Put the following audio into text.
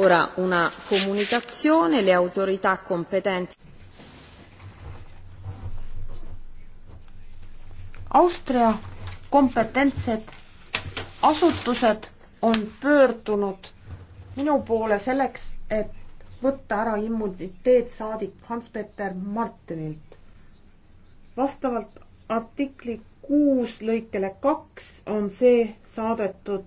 Ora una comunicazione, le autorità competenti. Austria kompetentsed asutused on pöördunud minu poole selleks, et võtta ära immuniteet saadik Hans-Peter Martinilt. vastavalt artikli kuus lõikele kaks on see saadetud